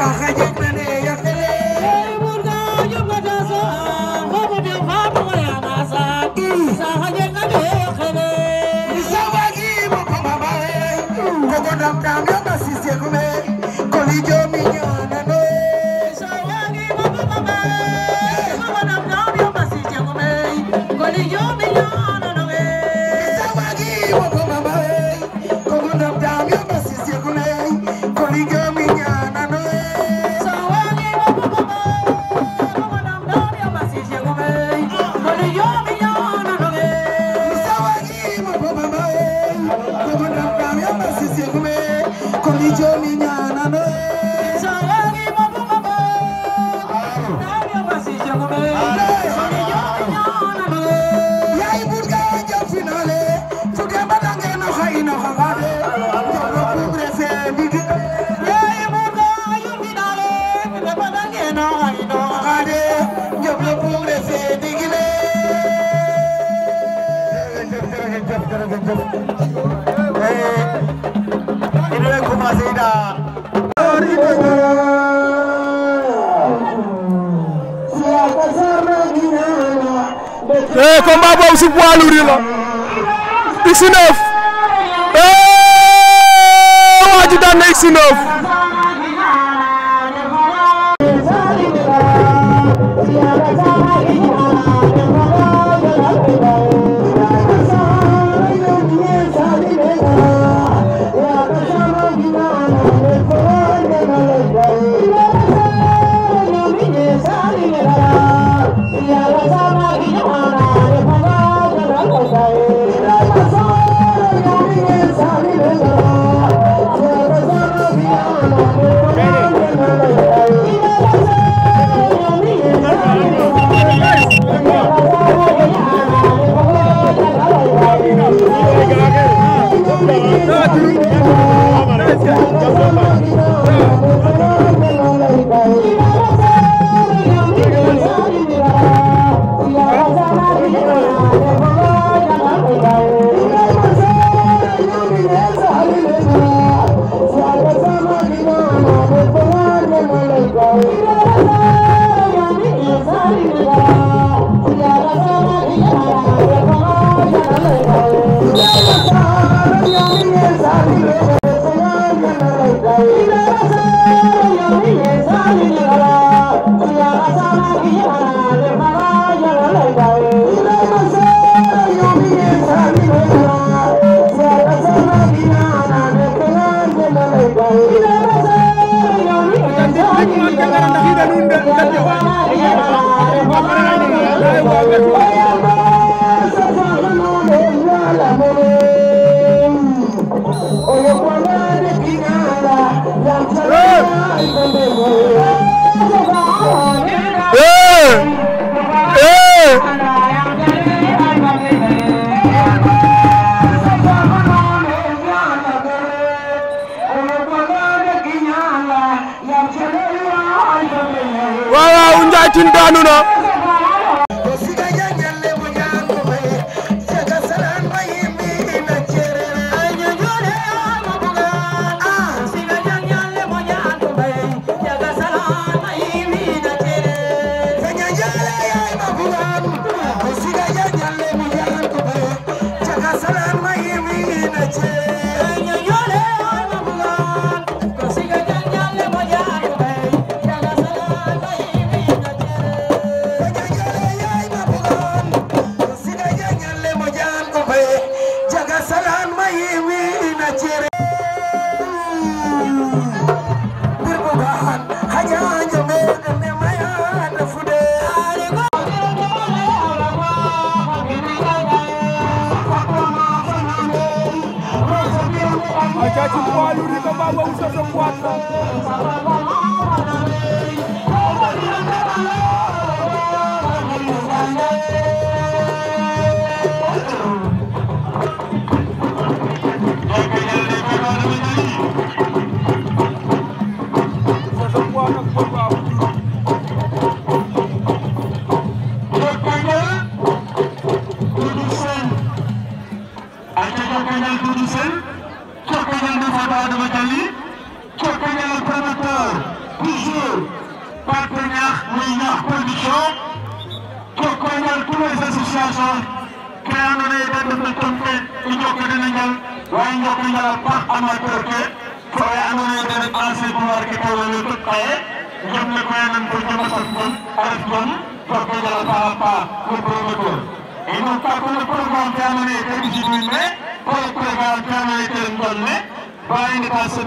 Raja una,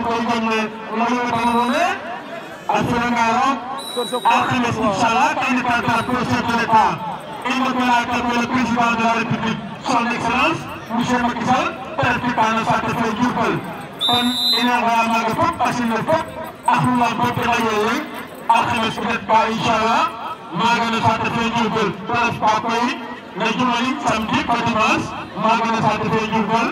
ಕೊಲ್ಕೊಂಡು ಉಳಿಯುವುದನ್ನು ಅಸಲಂಗಾರ ಆಸನ ಶಿಕ್ಷಣ ಕಂಡಿಪಾಟ ಪುರುಷ ಇಂದು ಕುಲಾಟ ಕುಲ ಪ್ರಿನ್ಸಿಪಾಲ್ ದಾರಿಪಿತಿ ಸನ್ ಎಕ್ಸಲೆನ್ಸ್ ವಿಷಯ ಕಿಸಾನ್ ತರಪಿ ಪಾನ ಸಾತ್ರ ಯುರ್ಪಲ್ ಪನ್ ಇನಾಗಳ ಮಾಗಪ ಪಸಿನರ್ಪ ಅಹ್ಮಲ ಬೋತ್ರಗಳಲ್ಲಿ ಆಸನ ಸುಗತ್ ಪಾ ಇಶಾಲ ಮಾಗನ ಸಾತ್ರ ಯುರ್ಪಲ್ ಪ್ಲಸ್ ಪಾಪೈ ನಜುಮಲಿ ಸಂಧಿ ಪ್ರತಿಮಾಸ್ ಮಾಗನ ಸಾತ್ರ ಯುರ್ಪಲ್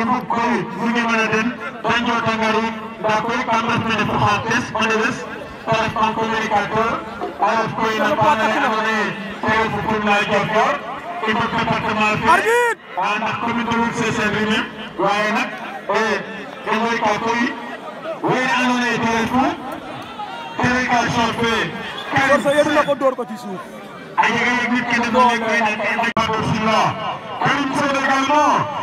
e koy wurge mana den de njota ngaru nda koy kam ref mene fo xa tes o ndeɓes koy no paana le andoona yee te refu Poulay Diofior i mbog département fe a ndax commune de Loul Seseen wiin waaye nak e i layka koy wene andoona yee te refu délégation fe a jega yeg nit ke koy na ke ndefna Karim Sène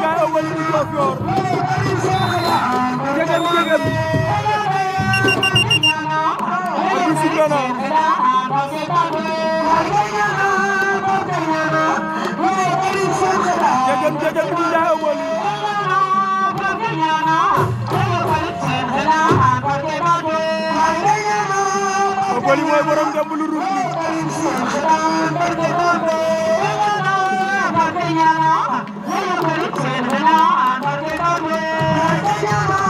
Njaay a wali bu Diofior jegem jegem a bi sifena jegem jegem bi Njaay a wali a wali mooy borom demb lu ruf Thank you.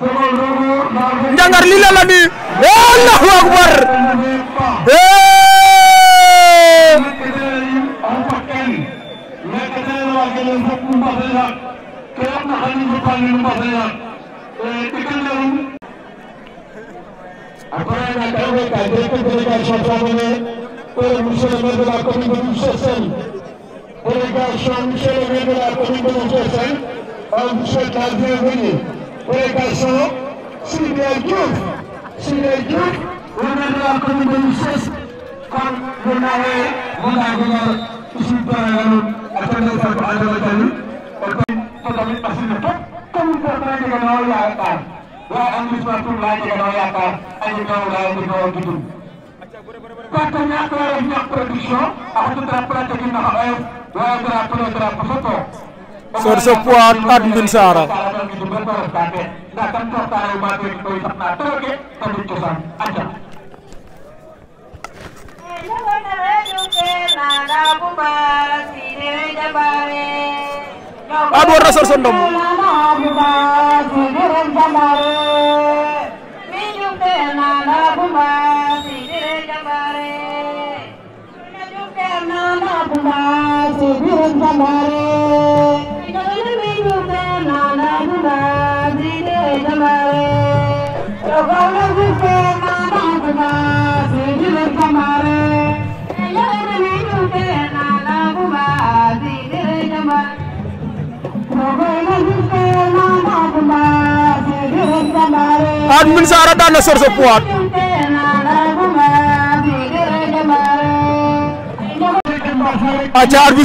jangar li la la ni allahu akbar Delegation Michelle Medela Community Association, and Michelle Calvin Winnie. délégation Sidibé Diouf Sidibé Diouf war na doon commune de Missirah kon bu nawee mën naa ko ñor aussi doyalul ak tamit sa ko àndal ak tamit kon kon tamit parce que képp commune boo xam ne jege na wala yaakaar waaye arrondissement Toul laa jege na wala yaakaar ay jëgaaw laa jege woon di dund. kon kon ñàkk war a ñàkk production ak tout à fait pratique yi nga xam waaye dara dara dara ko sor so puat ad min sara abu rasar sondom Admin min sara dana support. puat. Acha arbi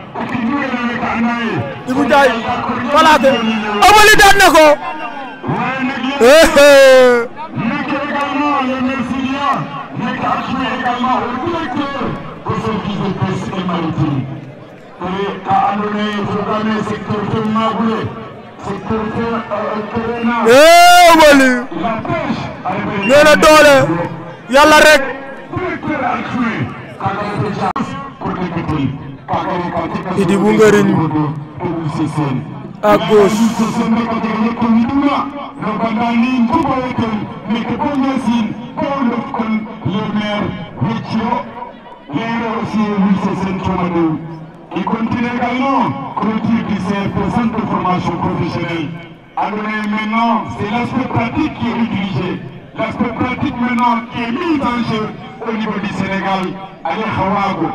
Ibou ee eh, Amady nee na doole yàlla rek. Idi Bungarin à gauche. Il continue également critique ces centre de formation professionnelle. Alors maintenant, c'est l'aspect pratique qui est utilisé. L'aspect pratique maintenant qui est mis en jeu au niveau du Sénégal. Allez, Hawago.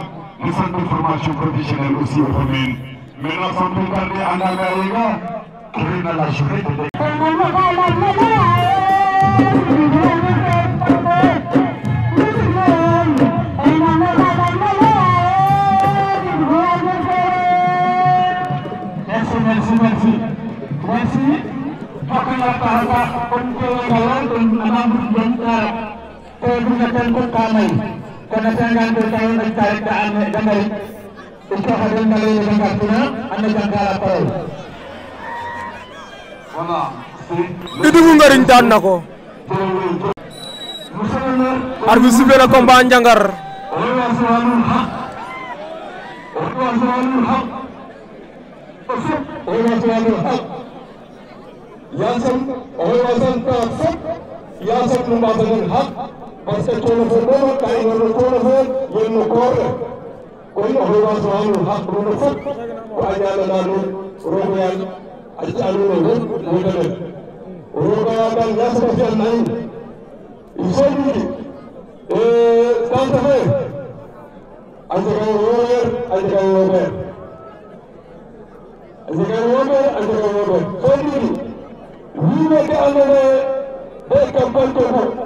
le centre de formation professionnelle aussi au Mais Maintenant, sans plus tarder, en Gaïga, qui est la journée de merci merci merci pakala kono cinquante tawi en tarikta anne jambari ɗum ko ko ɗen mbaleyno ɓe gartina anne jam kala parole voilà idugu فستكون فوق كاين ونكون فوق ينكور كل هو سبحانه الحق ونفق وأجعلنا رؤيا أجعلنا مدمر رؤيا بل نسبة جمعين يسلي كان تفهم أجعل رؤيا أجعل رؤيا أجعل رؤيا أجعل رؤيا سلي ويما كأننا بيكا بلتوه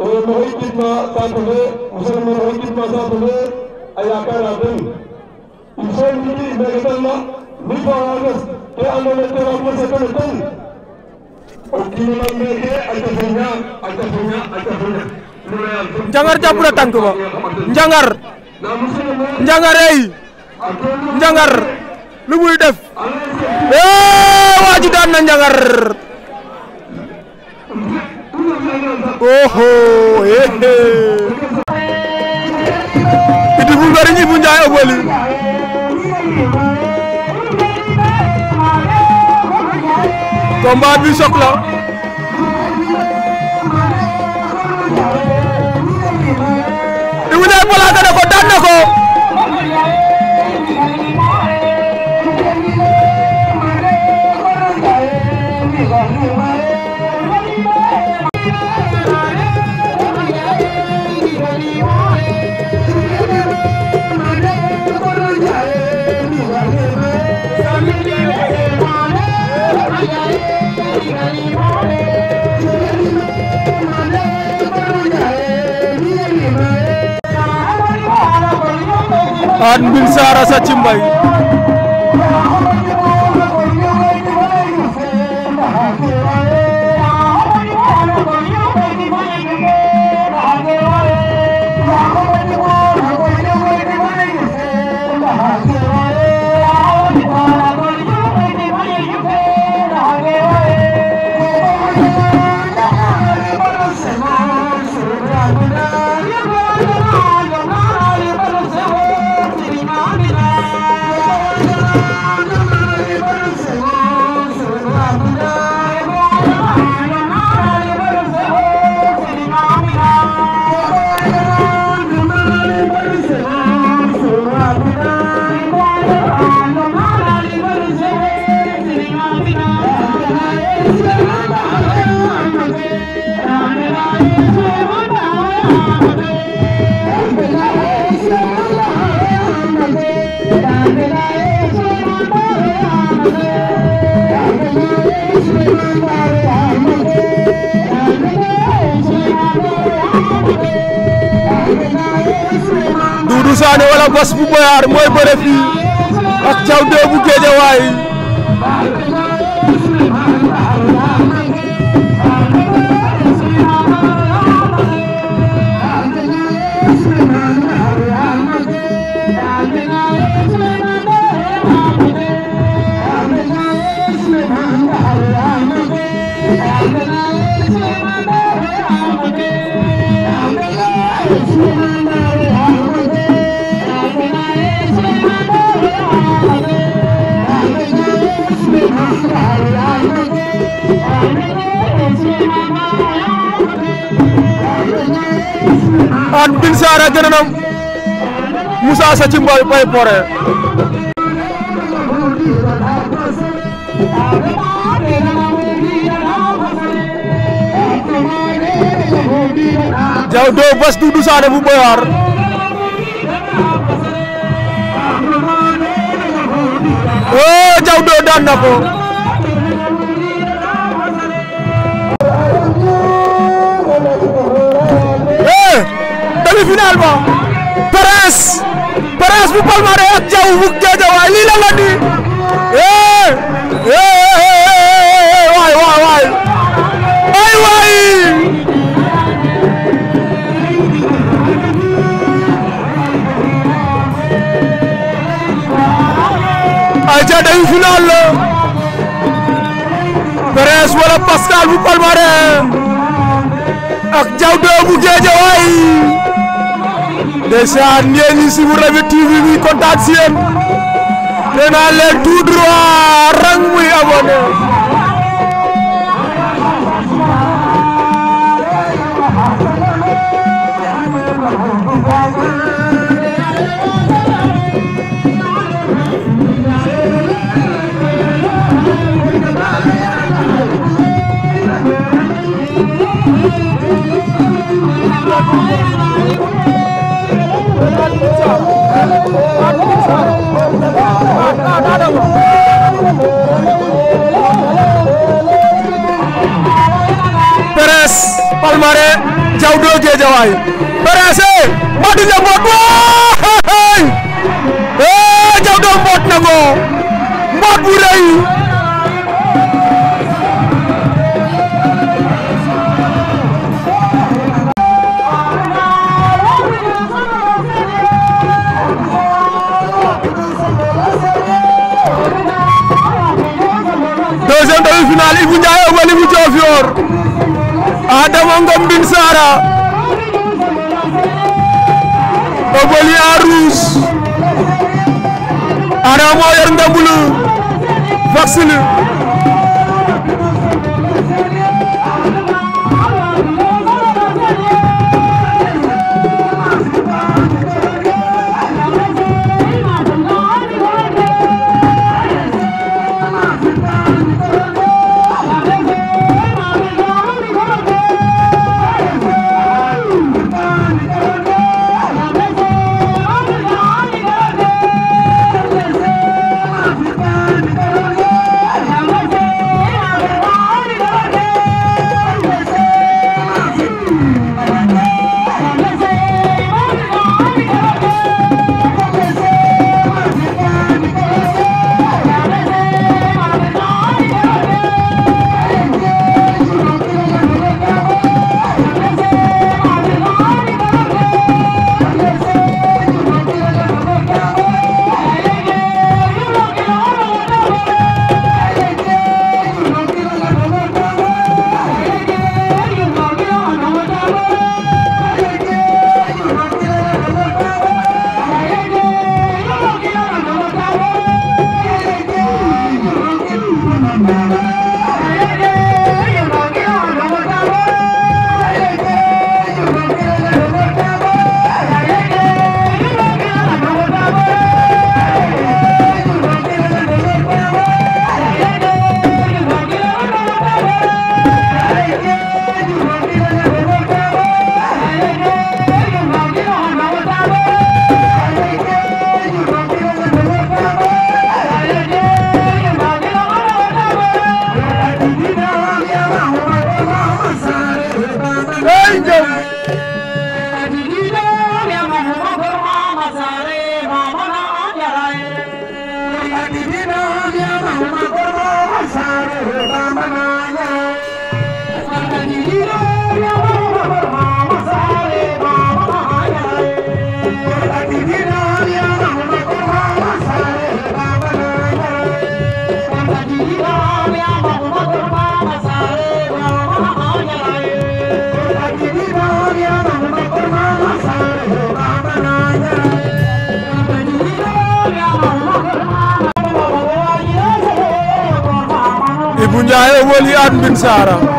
jangan, Satıbı, Müslüman Ke bawah. jangan, jangan, jangan, jangan, jangan, jangan, Jangar datang Jangar. Jangar eh. Jangar. Lu boleh def. Eh, wajib dan jangar. oho ehe eh. Idi Bouldor Ibou Ndiaye Obeuly combat bi choc la Ibou Ndiaye balaa Aat Mbine Sarr Asathi Mbaye Daara gën a nam Moussa Sa ci mboy oo oh, jaw doo daan na ko demi-finale ba Perez Perez bu Palmarin ak Diaw bu Guédiawaye lii la la di eh eh, eh, eh eh waay waay waay ay waay ay ca demi-finale la Perez wala Pascal bu Palmarin ak Diaw doo bu Guédiawaye ndeysaan ngeen ñi si bu Réveil TV bi kontaan si yéen nee tout droit rang muy ya abonné Thank you. Perez Palmaré Diaw doo Géejawaay Perez eh Madu Njaay mboot waay eh Diaw doo mboot na ko mboot bu rëy Adama Ngom Mbine Sarr Obelia Rouge Adama yor ndambulu vaccine جاي ولي أن بن سارة.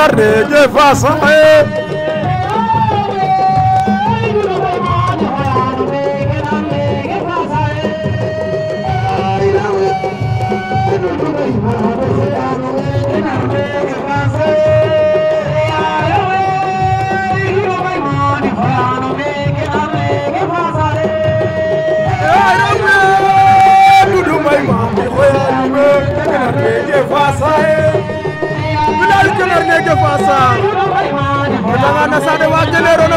la reje fa san ye. Déthié Fass o retanga na saate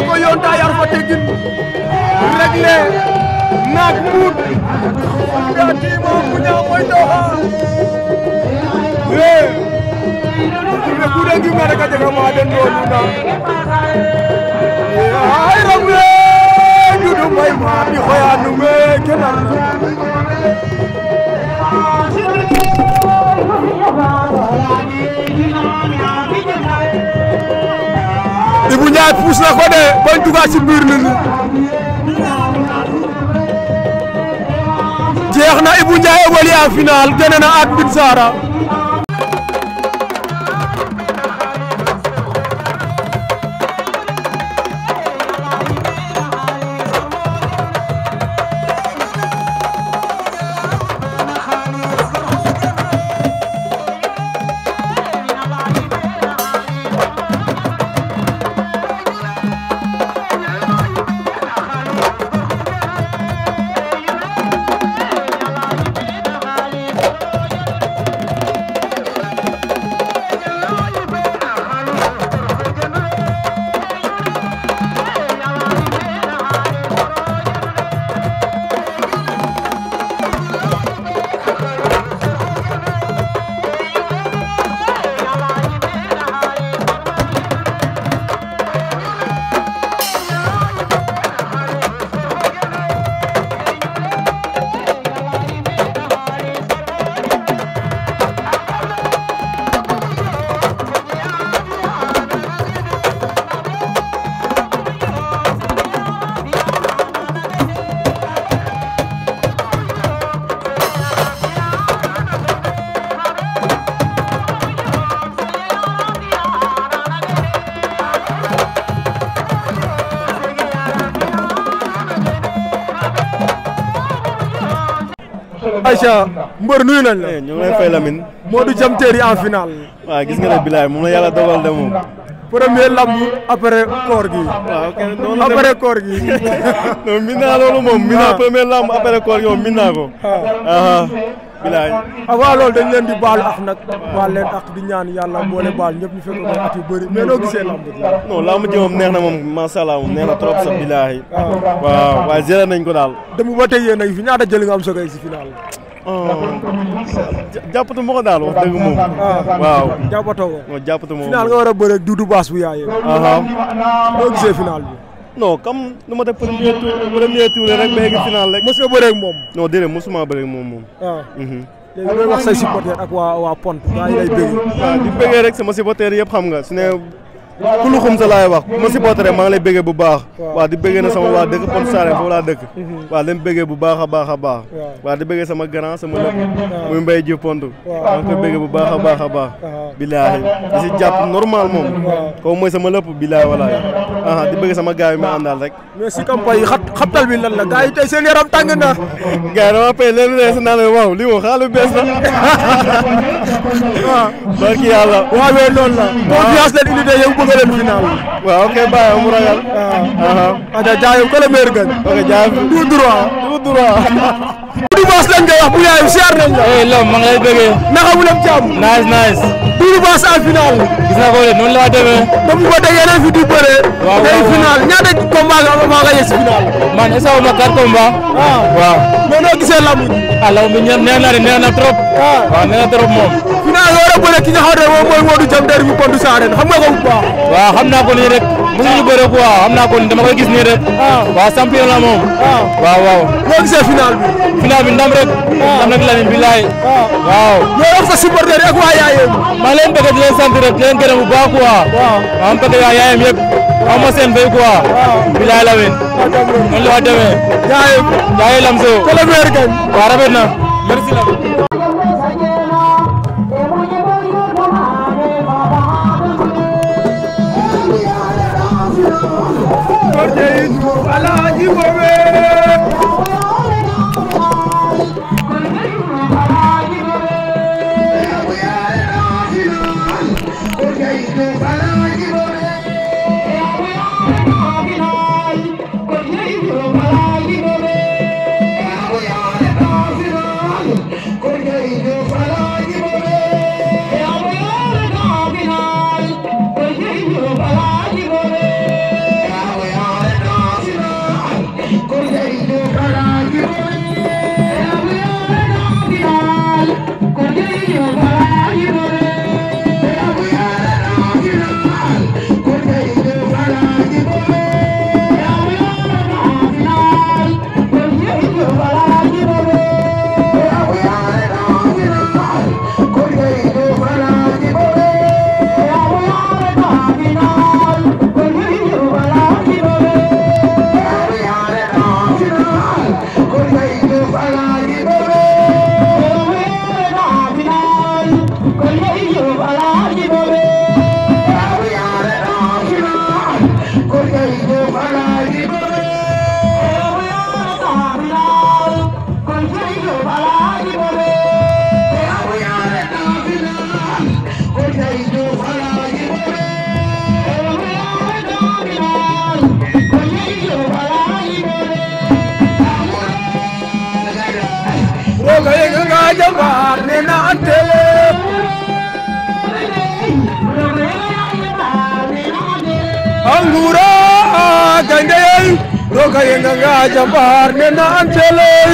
ko yoonta yar fa tegin regle naak muut ga tiima buña moytooxa e me kude ngimna rek a jega ma den roonuna ay ram le judum may ma mi xoya nume Ndiaye puus na ko de bañ dugaat ci Ak Bine Sara Aïcha mbër nuyu nañ la. Eh, ñu ngi lay fay Lamine. Modou Diam Terry en final. waaw gis nga ne bilaay moom la yàlla dogal de moom. premier lamb après koor gi. waaw ok noonu la après koor gi. non min naa loolu moom. waaw min naa ah. premier lamb après koor gi moom min naa ko. Ah. Ah, bilaay. avant ah, loolu dañ leen di baalu ak nag baal leen ak di ñaan yàlla boole baal ñëpp ñu fekk ko at yu bëri mais noo gisee lamb ji non lamb ji moom neex na moom macha allah moom neex na trop sax waaw waaye jëlee nañ ko daal dem ba tey yéen nag fi ñaata jëli nga am soog a si final ah, jàppatu ma ko daal wax dëgg moom. Ah, waaw jàppatoo ko. waaw jàppatu ma ko final war a bëre duudu baas bu yaayee. noo gisee final bi. non comme nu ma def premier tour rek ba egg final rek. mos nga bëreeg moom. non déedéet mosuma bëreeg moom moom. Mhm. léegi looy wax say supporters ak waa di bëggee rek sama supporters yëpp xam nga su ne kulu sa laay wax bu ma supporter maa ngi lay bëggee bu baax. waaw di bëggee na sama waa dëkk Pont Sarène foofu laa dëkk. Mhm. waaw leen bëggee bu baax a baax a baax. waaw di bëggee sama grand sama lépp. muy Mbaye Diouf Pont. waaw maa bëggee bu baax a baax a baax. bilaahi di si jàpp normal moom. waaw kooku mooy sama lépp bilaahi walaay. di bëggee sama gars yi ma àndal rek. mais si campagne yi xat xabtal bi lan la gars yi tey seen yaram na. gars yi dama si naan waaw lii moom xaalis bees la. waaw. barki yàlla. waaw yooyu noonu la. confiance leen unité yow bëgg leen final. waaw ok bàyyi mu ragal. waaw. ah jaayam ko la meilleur gagne. ok jaayam tout droit. Doudou Bass lañ koy wax bu yaay siyaar nañ la. eh Lom ma ngi lay bëggee. naka mu dem jàmm. nice nice. Doudou Bass en final. gis naa ko de noonu laa demee. ba mu ko déggee dañ fi di bëree. waaw waaw day final ñaata combat nga am maa ngi yegg si final. man est-ce que ma quatre combat. Ah. waaw waaw. mais noo gisee lamb. ah lamb ñoom nee na nee na trop. Ah. waaw waaw nee na trop moom. final yoo rek bëre ki nga xam ne moom mooy Modou Diam der bi Pondou Sarene xam nga ko bu baax. waaw xam naa ko nii rek. mu ngi ñu bëre quoi xam naa ko dama koy gis nii rek. Ah. waaw la moom. Ah. waaw waaw. loo gisee final bi. bi ndam rek. Ah. ndam rek la waaw. loo wax sa supporter ak waa yaayam. maa leen leen sant rek leen gërëm bu baax quoi. waaw maa bëgg waa yaayam yëpp. xam ma seen béy quoi. bilaay la ween. man la waa demee. yaayam yaayam lamso. kër la rafet na ka nga jàmbaar nee na am teelay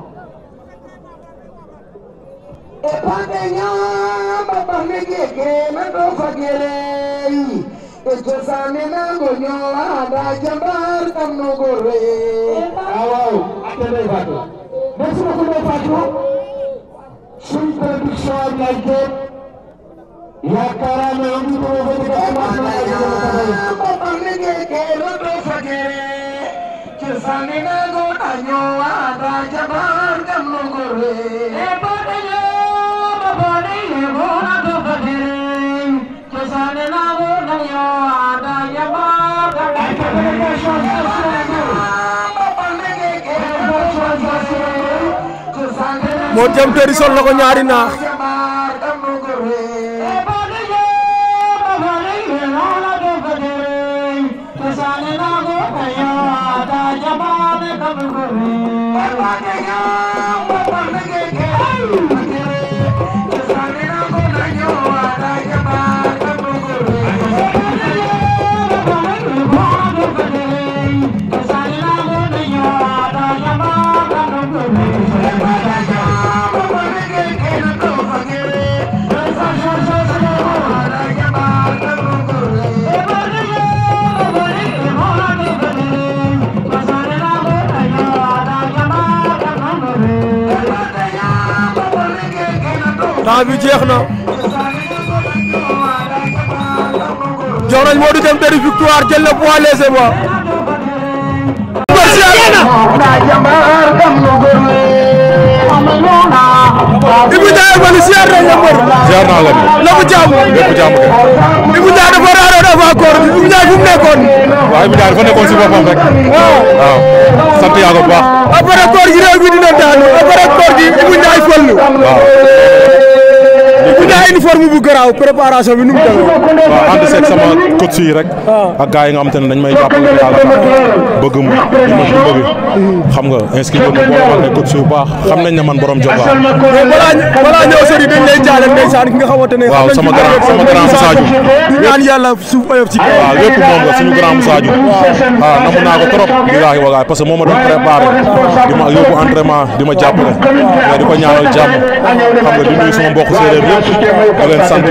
Epande nyamba bamege gema dofagere Ejo sane nango nyola ada jambar tamno gore Awau, na kume batu Sweet prediction like that Ya moo jëm tëri sol na ñaari naax combat bi jeex na jox nañ Modou Deme benn victoire jël na poids léger ba. Ibou Ndiaye man ziar nañ la mbër. la mbër. lépp jaamu. lépp jaamu kay. Ibou Ndiaye dafa raaroon avant koor bi Ibou Ndiaye fu mu nekkoon. waaw Ibou Ndiaye dafa nekkoon si boppam rek. Ah. waaw bu baax. après daa uniforme bu garaaw préparation bi nu mu demee. waaw ànd seeg sama coach yi rek. ak gars yi nga xam te ne dañ may jàppale yàlla bëgg mu li bëgg. xam nga inscrire ma boo xamante ne coach yu baax xam nañ ne man borom jox laa. mais balaa balaa ñëw sori dañ lay jaale ndeysaan ki nga xamante ne. waaw sama grand sama grand Moussa Diouf. di ñaan yàlla suuf ayof ci kaw. waaw lépp suñu grand Moussa Diouf. Ah, namu naa ko trop. di laax i wagaay parce que moo ma doon préparé. di ma yóbbu entraînement di ma jàppale. di ko ñaanal jàmm xam di leen sant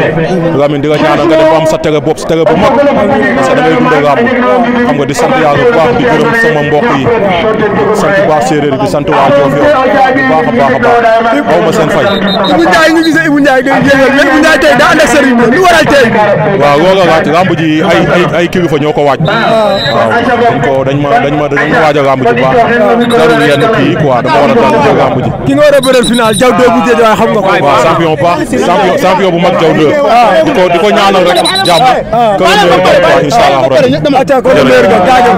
Lamine di nga ñaanal sa tege bopp sa tege bu mag parce que da ngay dundal làmb xam nga di sant yàlla bu baax di gërëm sama mbokk yi sant bu baax séeréer di sant waa Joof yow bu baax a baax a baax aw ma seen fay. Ibou Ndiaye ñu gisee Ibou Ndiaye ngay jéegal mais Ibou Ndiaye tey daa ànd ak sëriñ bi lu ñoo ko waaj ah. waaw dañ ma dañ ma dañ ma waaj a làmb ji bu baax jarul kii quoi dama war a dal jël làmb ji ki nga war a bëral jaw doobu géej waaye xam nga ko waaw champion bu mag jaw de ah, ah, di ko di ko ñaanal rek ah, jàmm ko le meilleur gagne inshallah rabbi atta ko le meilleur gagne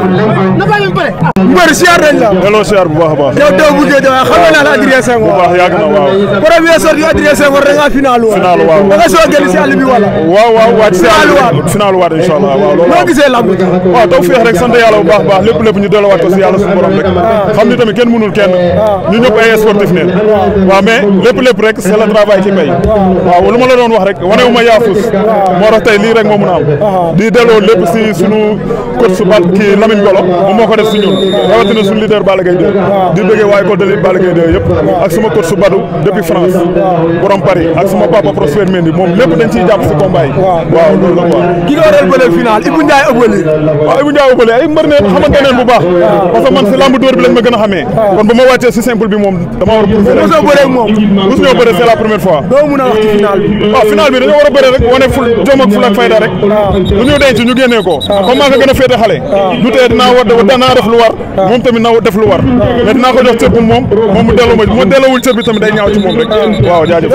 na bañu pare mbër siyaar nañ la delloo siyaar bu baax a baax yow doo bu géej waaye xam naa la Adrien Senghor bu baax yàgg na waaw premier sortie Adrien Senghor da nga final waaw final waaw da nga soo génn si àll bi wala waaw waaw waaj si àll final waaw inshallah waaw loolu noo gisee lamb waaw taw féex rek sant yàlla bu baax baax lépp lépp ñu delloowaat ko si yàlla suñu borom rek xam ni tamit kenn mënul kenn ñu ñëpp ay sportif ne waaw mais lépp lépp rek c'est le travail qui paye waaw waaw lu ma la doon wax rek wane wu ma yaafus moo tax tey lii rek moo mun a am di delloo lépp si sunu coach su bat kii Golo moom moo ko def si ñun rawatina suñu leader Balla Gaye 2 di bëggee waaye ko dalit Balla Gaye 2 yëpp ak suma coach badu depuis France borom Paris ak suma papa Prosper Mendy moom lépp dañ ciy jàpp si combat waaw loolu la quoi ki nga waral bële final Ibou ay mbër ne xamante neen bu baax parce si lamb dóor bi ma gën a ba ma a prouver a final bi bi dañoo war a bëre rek wane ful jom ak fayda rek lu ñu denc ñu génnee ko comme maa ko gën a féete xale du tee dinaa war dinaa def lu war moom tamit naa def lu war mais dinaa ko cër bu moom moom mu delloo ma mu delloowul cër bi tamit day ñaaw ci moom rek waaw jaajëf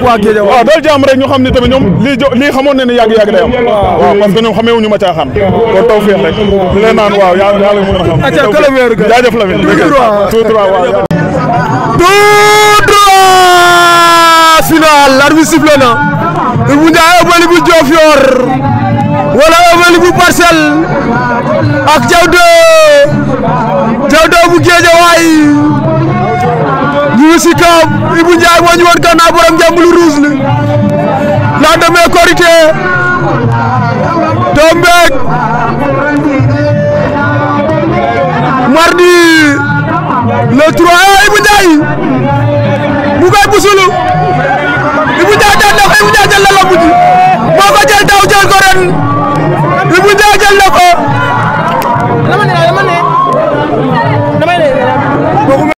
waaw dal jàmm rek ñu xam ni tamit ñoom a tout droit waaw Sénégal l'arbitre sifflé na Ibou Ndiaye ëppali bu Diofior wala ëppali bu Parcelles ak Diawde Diawde bu Guédiawaay ñu ngi si kaw Ibou Ndiaye moo ñu woon gannaaw borom jàmm ruus li la demee Korité tombeek mardi le 3 Ibou Ndiaye mu koy busulu